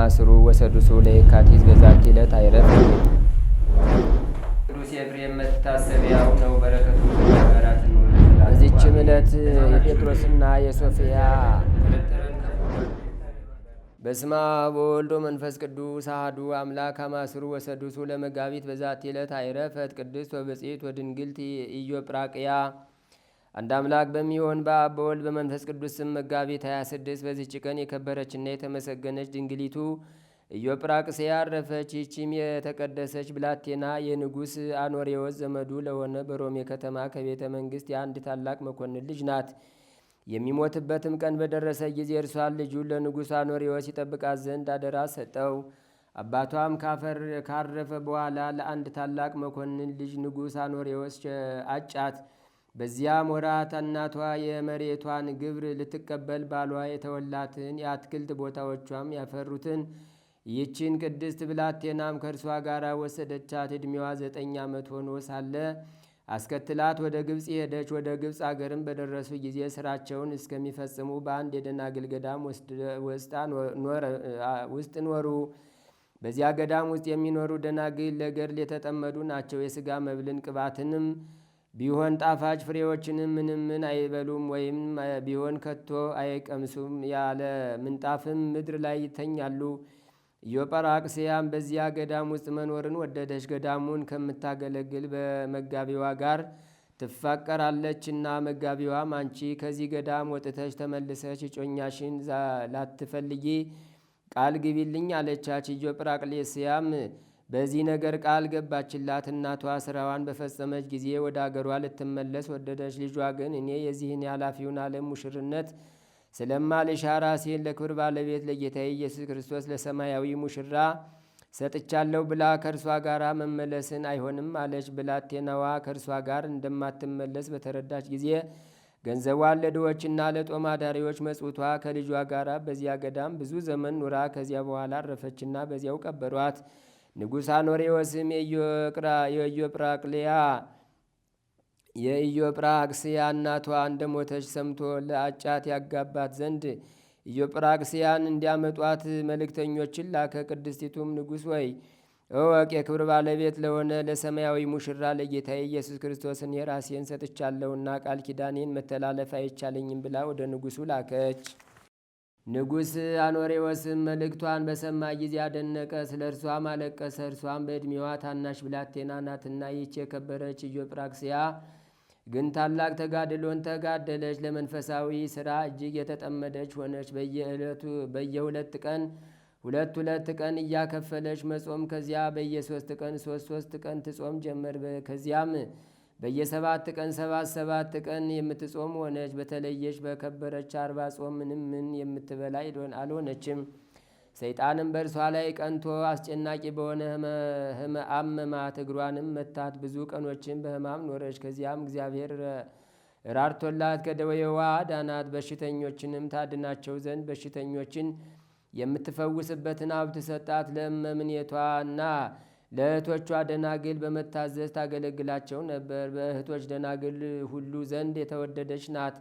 ማስሩ ወሰዱሱ ለየካቲት በዛቲ ዕለት አይረፍ። ቅዱስ ኤፍሬም መታሰቢያው ነው። በረከቱ ተባራት ነው። በዚችም ዕለት የጴጥሮስና የሶፊያ በስመ አብ ወወልድ ወመንፈስ ቅዱስ አሐዱ አምላክ አማስሩ ወሰዱሱ ለመጋቢት በዛቲ ዕለት አይረፈት ቅድስት ወብጽዕት ወድንግልት ኢዮጵራቅያ አንድ አምላክ በሚሆን በአብ በወልድ በመንፈስ ቅዱስ ስም መጋቢት 26 በዚህች ቀን የከበረችና የተመሰገነች ድንግሊቱ ኢዮጵራቅስያ አረፈች። ይቺም የተቀደሰች ብላቴና የንጉሥ አኖሬዎስ ዘመዱ ለሆነ በሮሜ ከተማ ከቤተ መንግሥት የአንድ ታላቅ መኮንን ልጅ ናት። የሚሞትበትም ቀን በደረሰ ጊዜ እርሷን ልጁን ለንጉሥ አኖሬዎስ ይጠብቃት ዘንድ አደራ ሰጠው። አባቷም ካረፈ በኋላ ለአንድ ታላቅ መኮንን ልጅ ንጉሥ አኖሬዎስ አጫት። በዚያም ወራት እናቷ የመሬቷን ግብር ልትቀበል ባሏ የተወላትን የአትክልት ቦታዎቿም ያፈሩትን ይቺን ቅድስት ብላቴናም ከእርሷ ጋር ወሰደቻት። ዕድሜዋ ዘጠኝ ዓመት ሆኖ ሳለ አስከትላት ወደ ግብፅ ሄደች። ወደ ግብፅ አገርም በደረሱ ጊዜ ስራቸውን እስከሚፈጽሙ በአንድ የደናግል ገዳም ውስጥ ኖሩ። በዚያ ገዳም ውስጥ የሚኖሩ ደናግል ለገድል የተጠመዱ ናቸው። የሥጋ መብልን ቅባትንም ቢሆን ጣፋጭ ፍሬዎችንም ምንም ምን አይበሉም ወይም ቢሆን ከቶ አይቀምሱም፣ ያለ ምንጣፍም ምድር ላይ ይተኛሉ። ኢዮጳራቅስያም በዚያ ገዳም ውስጥ መኖርን ወደደች። ገዳሙን ከምታገለግል በመጋቢዋ ጋር ትፋቀራለችና መጋቢዋም አንቺ ከዚህ ገዳም ወጥተች ተመልሰች እጮኛሽን ላትፈልጊ ቃል ግቢልኝ አለቻች። ኢዮጵራቅሌስያም በዚህ ነገር ቃል ገባችላት። እናቷ ስራዋን በፈጸመች ጊዜ ወደ አገሯ ልትመለስ ወደደች። ልጇ ግን እኔ የዚህን የኃላፊውን ዓለም ሙሽርነት ስለማልሻ ራሴን ለክብር ባለቤት ለጌታዬ ኢየሱስ ክርስቶስ ለሰማያዊ ሙሽራ ሰጥቻለሁ ብላ ከእርሷ ጋር መመለስን አይሆንም አለች። ብላቴናዋ ከእርሷ ጋር እንደማትመለስ በተረዳች ጊዜ ገንዘቧን ለድዎችና ለጦም አዳሪዎች መጽውቷ ከልጇ ጋር በዚያ ገዳም ብዙ ዘመን ኑራ ከዚያ በኋላ አረፈችና በዚያው ቀበሯት። ንጉሥ አኖሬዎስም የኢዮጵራቅልያ የኢዮጵራክስያ እናቷ እንደሞተች ሰምቶ ለአጫት ያጋባት ዘንድ ኢዮጵራክስያን እንዲያመጧት መልእክተኞችን ላከ። ቅድስቲቱም ንጉሥ ወይ እወቅ፣ የክብር ባለቤት ለሆነ ለሰማያዊ ሙሽራ ለጌታዬ ኢየሱስ ክርስቶስን የራሴን ሰጥቻለሁና ቃል ኪዳኔን መተላለፍ አይቻለኝም ብላ ወደ ንጉሡ ላከች። ንጉሥ አኖሬዎስም መልእክቷን በሰማ ጊዜ አደነቀ፣ ስለ እርሷም አለቀሰ። እርሷም በዕድሜዋ ታናሽ ብላቴና ናትና ይች የከበረች ኢዮጵራክሲያ ግን ታላቅ ተጋድሎን ተጋደለች። ለመንፈሳዊ ሥራ እጅግ የተጠመደች ሆነች። በየዕለቱ በየሁለት ቀን ሁለት ሁለት ቀን እያከፈለች መጾም፣ ከዚያ በየሶስት ቀን ሶስት ሶስት ቀን ትጾም ጀመር። ከዚያም በየሰባት ቀን ሰባት ሰባት ቀን የምትጾም ሆነች። በተለየች በከበረች አርባ ጾም ምንም ምን የምትበላ አልሆነችም። ሰይጣንም በእርሷ ላይ ቀንቶ አስጨናቂ በሆነ ሕማም መማት እግሯንም መታት። ብዙ ቀኖችን በህማም ኖረች። ከዚያም እግዚአብሔር ራርቶላት ከደዌዋ ዳናት። በሽተኞችንም ታድናቸው ዘንድ በሽተኞችን የምትፈውስበትን ሀብት ሰጣት። ለእመምኔቷና ለእህቶቿ ደናግል በመታዘዝ ታገለግላቸው ነበር። በእህቶች ደናግል ሁሉ ዘንድ የተወደደች ናት።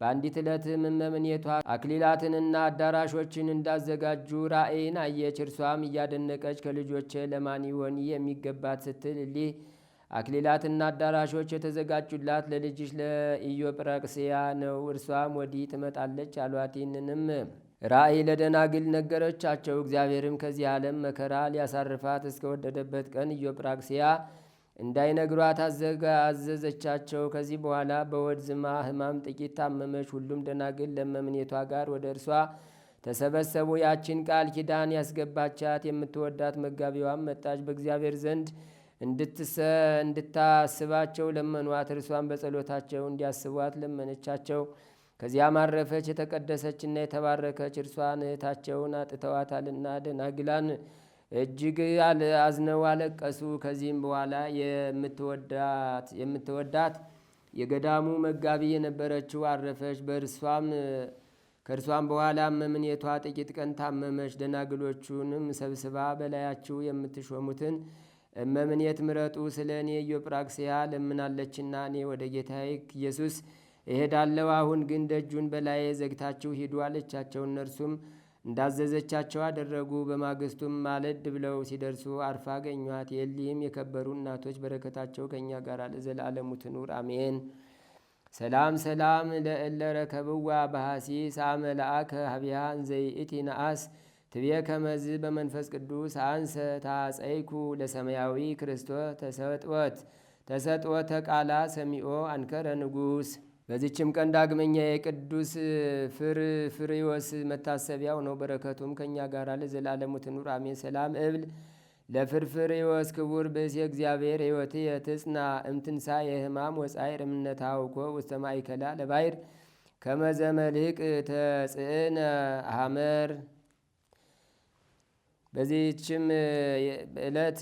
በአንዲት ዕለትም እመምኔቷ አክሊላትንና አዳራሾችን እንዳዘጋጁ ራእይን አየች። እርሷም እያደነቀች ከልጆቼ ለማን ይሆን የሚገባት ስትል እሊህ አክሊላትና አዳራሾች የተዘጋጁላት ለልጅሽ ለኢዮጵረቅስያ ነው፣ እርሷም ወዲህ ትመጣለች አሏት። ይህንንም ራእይ ለደናግል ነገረቻቸው። እግዚአብሔርም ከዚህ ዓለም መከራ ሊያሳርፋት እስከወደደበት ቀን ኢዮጵራክሲያ እንዳይነግሯት አዘዘቻቸው። ከዚህ በኋላ በወድ ዝማ ሕማም ጥቂት ታመመች። ሁሉም ደናግል ለመምኔቷ ጋር ወደ እርሷ ተሰበሰቡ። ያችን ቃል ኪዳን ያስገባቻት የምትወዳት መጋቢዋም መጣች። በእግዚአብሔር ዘንድ እንድታስባቸው ለመኗት። እርሷን በጸሎታቸው እንዲያስቧት ለመነቻቸው። ከዚያም አረፈች። የተቀደሰችና የተባረከች እርሷን እህታቸውን አጥተዋታልና ደናግላን እጅግ አዝነው አለቀሱ። ከዚህም በኋላ የምትወዳት የገዳሙ መጋቢ የነበረችው አረፈች። በእርሷም ከእርሷም በኋላ መምኔቷ ጥቂት ቀን ታመመች። ደናግሎቹንም ሰብስባ በላያችሁ የምትሾሙትን እመምኔት ምረጡ፣ ስለ እኔ ኢዮጵራክስያ ለምናለችና እኔ ወደ ጌታዬ ኢየሱስ እሄዳለሁ። አሁን ግን ደጁን በላዬ ዘግታችሁ ሂዱ አለቻቸው። እነርሱም እንዳዘዘቻቸው አደረጉ። በማግስቱም ማለድ ብለው ሲደርሱ አርፋ አገኟት። የሊህም የከበሩ እናቶች በረከታቸው ከእኛ ጋር ለዘላለሙ ትኑር አሜን። ሰላም ሰላም ለእለ ረከብዋ ባሐሲ ሳመላአከ ሀቢያ እንዘይእቲ ነአስ ትቤ ከመዝ በመንፈስ ቅዱስ አንሰ ታጸይኩ ለሰማያዊ ክርስቶ ተሰጥወት ተሰጥወተ ቃላ ሰሚኦ አንከረ ንጉስ በዚችም ቀን ዳግመኛ የቅዱስ ፍር ፍርፍሬዎስ መታሰቢያው ነው። በረከቱም ከእኛ ጋር ለዘላለሙ ትኑር አሜን። ሰላም እብል ለፍርፍሬዎስ ክቡር ብእሴ እግዚአብሔር ሕይወትየ ትጽና እምትንሣኤ ሕማም ወጻዕር እምነታውኮ ውስተ ማእከላ ለባይር ከመዘመልቅ ተጽእነ አመር በዚህችም ዕለት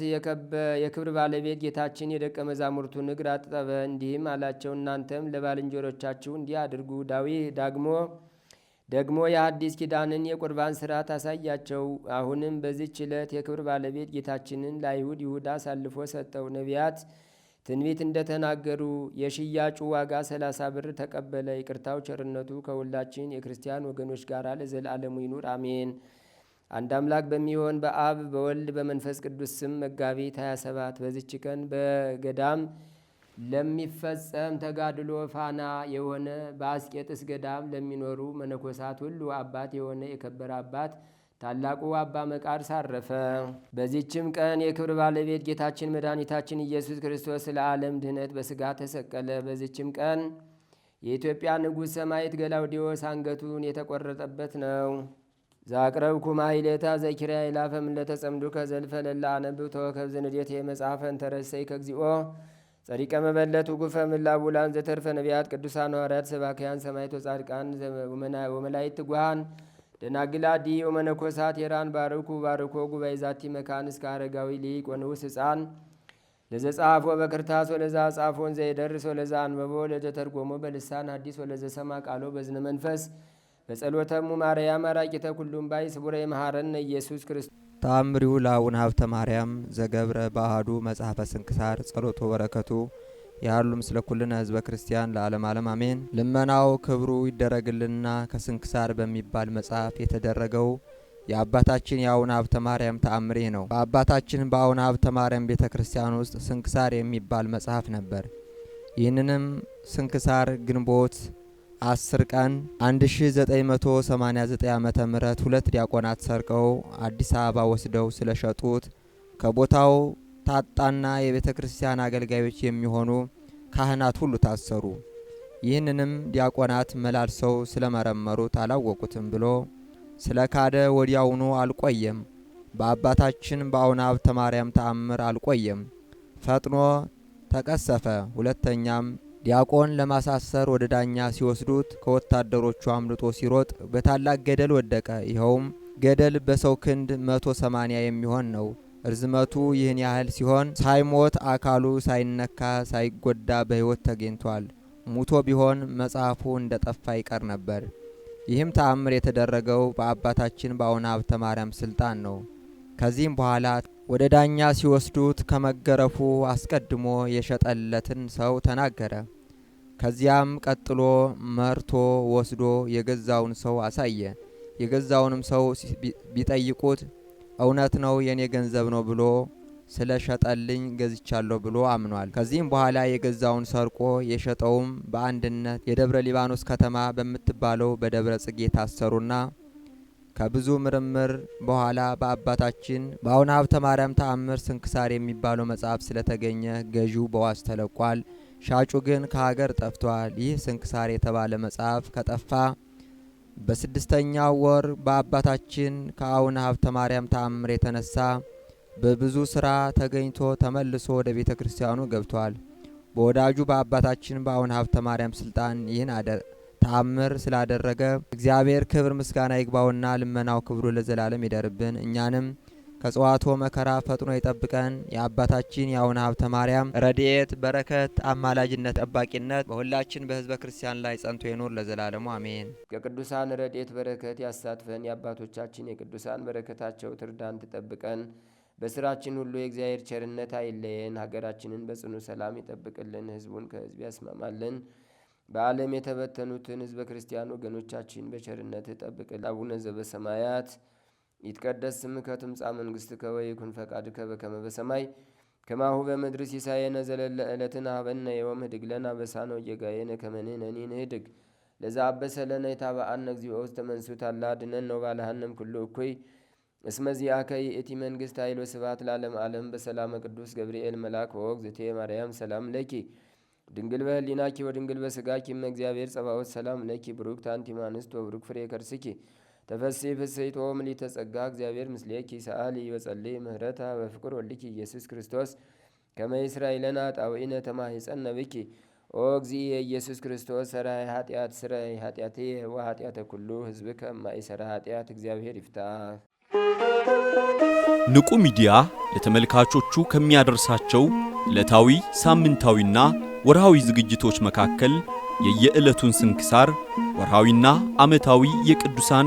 የክብር ባለቤት ጌታችን የደቀ መዛሙርቱን እግር አጠበ። እንዲህም አላቸው፣ እናንተም ለባልንጀሮቻችሁ እንዲህ አድርጉ። ዳዊ ዳግሞ ደግሞ የአዲስ ኪዳንን የቁርባን ስርዓት አሳያቸው። አሁንም በዚች ዕለት የክብር ባለቤት ጌታችንን ለአይሁድ ይሁዳ አሳልፎ ሰጠው። ነቢያት ትንቢት እንደተናገሩ የሽያጩ ዋጋ ሰላሳ ብር ተቀበለ። ይቅርታው ቸርነቱ ከሁላችን የክርስቲያን ወገኖች ጋር ለዘላለሙ ይኑር አሜን። አንድ አምላክ በሚሆን በአብ በወልድ በመንፈስ ቅዱስ ስም መጋቢት 27 በዚች ቀን በገዳም ለሚፈጸም ተጋድሎ ፋና የሆነ በአስቄጥስ ገዳም ለሚኖሩ መነኮሳት ሁሉ አባት የሆነ የከበረ አባት ታላቁ አባ መቃርስ አረፈ። በዚችም ቀን የክብር ባለቤት ጌታችን መድኃኒታችን ኢየሱስ ክርስቶስ ስለ ዓለም ድህነት በስጋ ተሰቀለ። በዚችም ቀን የኢትዮጵያ ንጉሥ ሰማዕት ገላውዲዎስ አንገቱን የተቆረጠበት ነው። ዛቅረብኩ ማይሌታ ዘኪርያ ይላፈም እንደተጸምዱ ከዘልፈ ለላ አነብብ ተወከብ ዘንዴት የመጽሐፈን ተረሰይ ከግዚኦ ጸሪቀ መበለት ጉፈ ምላቡላን ዘተርፈ ነቢያት ቅዱሳን ሐዋርያት ሰባክያን ሰማይቶ ጻድቃን ወመላይት ደናግላ ዲ ኦመነኮሳት የራን ባርኩ ባርኮ ጉባኤ ዛቲ መካን እስከ አረጋዊ ሊቅ ወንውስ ህፃን ለዘ ጻፎ በክርታስ ወለዛ ጻፎን ዘይደርስ ወለዛ አንበቦ ለዘተርጎሞ በልሳን አዲስ ወለዘ ሰማ ቃሎ በዝነ መንፈስ በጸሎተሙ ማርያም አራቂተ ኩሉም ባይ ስቡረ የመሐረነ ኢየሱስ ክርስቶስ ተአምሪሁ ለአቡነ ሀብተ ማርያም ዘገብረ ባህዱ መጽሐፈ ስንክሳር ጸሎቶ በረከቱ ያሉም ስለ ኩልነ ህዝበ ክርስቲያን ለዓለም ዓለም አሜን። ልመናው ክብሩ ይደረግልንና ከስንክሳር በሚባል መጽሐፍ የተደረገው የአባታችን የአቡነ ሀብተ ማርያም ተአምሬ ነው። በአባታችን በአቡነ ሀብተ ማርያም ቤተ ክርስቲያን ውስጥ ስንክሳር የሚባል መጽሐፍ ነበር። ይህንንም ስንክሳር ግንቦት 10 ቀን 1989 ዓም ምህረት ሁለት ዲያቆናት ሰርቀው አዲስ አበባ ወስደው ስለሸጡት ከቦታው ታጣና የቤተ ክርስቲያን አገልጋዮች የሚሆኑ ካህናት ሁሉ ታሰሩ። ይህንንም ዲያቆናት መላልሰው ስለመረመሩት አላወቁትም ብሎ ስለ ካደ ወዲያውኑ አልቆየም። በአባታችን በአቡነ ሀብተ ማርያም ተአምር አልቆየም፣ ፈጥኖ ተቀሰፈ። ሁለተኛም ዲያቆን ለማሳሰር ወደ ዳኛ ሲወስዱት ከወታደሮቹ አምልጦ ሲሮጥ በታላቅ ገደል ወደቀ። ይኸውም ገደል በሰው ክንድ መቶ ሰማኒያ የሚሆን ነው። እርዝመቱ ይህን ያህል ሲሆን ሳይሞት አካሉ ሳይነካ ሳይጎዳ በሕይወት ተገኝቷል። ሙቶ ቢሆን መጽሐፉ እንደ ጠፋ ይቀር ነበር። ይህም ተአምር የተደረገው በአባታችን በአቡነ ሀብተ ማርያም ስልጣን ነው። ከዚህም በኋላ ወደ ዳኛ ሲወስዱት ከመገረፉ አስቀድሞ የሸጠለትን ሰው ተናገረ። ከዚያም ቀጥሎ መርቶ ወስዶ የገዛውን ሰው አሳየ። የገዛውንም ሰው ቢጠይቁት እውነት ነው የእኔ ገንዘብ ነው ብሎ ስለ ሸጠልኝ ገዝቻለሁ ብሎ አምኗል። ከዚህም በኋላ የገዛውን ሰርቆ የሸጠውም በአንድነት የደብረ ሊባኖስ ከተማ በምትባለው በደብረ ጽጌ ታሰሩና ከብዙ ምርምር በኋላ በአባታችን በአቡነ ሀብተ ማርያም ተአምር ስንክሳር የሚባለው መጽሐፍ ስለተገኘ ገዢው በዋስ ተለቋል። ሻጩ ግን ከሀገር ጠፍቷል። ይህ ስንክሳር የተባለ መጽሐፍ ከጠፋ በስድስተኛው ወር በአባታችን ከአቡነ ሀብተ ማርያም ተአምር የተነሳ በብዙ ስራ ተገኝቶ ተመልሶ ወደ ቤተ ክርስቲያኑ ገብቷል። በወዳጁ በአባታችን በአቡነ ሀብተ ማርያም ስልጣን ይህን ተአምር ስላደረገ እግዚአብሔር ክብር ምስጋና ይግባውና ልመናው ክብሩ ለዘላለም ይደርብን እኛንም ከጽዋቶ መከራ ፈጥኖ ይጠብቀን። የአባታችን የአቡነ ሀብተ ማርያም ረድኤት በረከት፣ አማላጅነት፣ ጠባቂነት በሁላችን በህዝበ ክርስቲያን ላይ ጸንቶ ይኑር ለዘላለሙ አሜን። ከቅዱሳን ረድኤት በረከት ያሳትፈን። የአባቶቻችን የቅዱሳን በረከታቸው ትርዳን፣ ትጠብቀን። በስራችን ሁሉ የእግዚአብሔር ቸርነት አይለየን። ሀገራችንን በጽኑ ሰላም ይጠብቅልን፣ ህዝቡን ከህዝብ ያስማማልን። በዓለም የተበተኑትን ህዝበ ክርስቲያን ወገኖቻችን በቸርነት ጠብቅል። አቡነ ዘበሰማያት ይትቀደስ ስምከ ትምጻእ መንግሥትከ ወይኩን ፈቃድከ በከመ በሰማይ ከማሁ በምድሪ ሲሳየነ ዘለለ ዕለትነ ሀበነ ዮም ህድግ ለነ አበሳነ ወጌጋየነ ከመ ንሕነኒ ንህድግ ለዘአበሰለነ የታበአነ እግዚኦ ውስተ መንሱት አላ አድኅነነ ባልሃንም ኩሉ እኩይ እስመ ዚአከ ይእቲ መንግሥት ኃይሎ ወስብሐት ለዓለመ ዓለም። በሰላመ ቅዱስ ገብርኤል መልአክ ወእግዝእትየ ማርያም ሰላም ለኪ ድንግል በህሊናኪ ወድንግል በስጋኪ እመ እግዚአብሔር ጸባኦት ሰላም ለኪ ብሩክት አንቲ እምአንስት ወብሩክ ፍሬ ከርስኪ ተፈሴ ፍሴቶ ምሊተ ጸጋ እግዚአብሔር ምስሌኪ ሰአሊ በጸልይ ምህረታ በፍቅር ወልኪ ኢየሱስ ክርስቶስ ከመ ጣውኢነ ጣውዒነ ተማሂፀነ ኦ እግዚእ ኢየሱስ ክርስቶስ ሰራይ ኃጢአት ስራይ ኃጢአቴ ወኃጢአተ ኩሉ ህዝብ ከማይሰራ ኃጢአት እግዚአብሔር ይፍታ። ንቁ ሚዲያ ለተመልካቾቹ ከሚያደርሳቸው ዕለታዊ ሳምንታዊና ወርሃዊ ዝግጅቶች መካከል የየዕለቱን ስንክሳር ወርሃዊና ዓመታዊ የቅዱሳን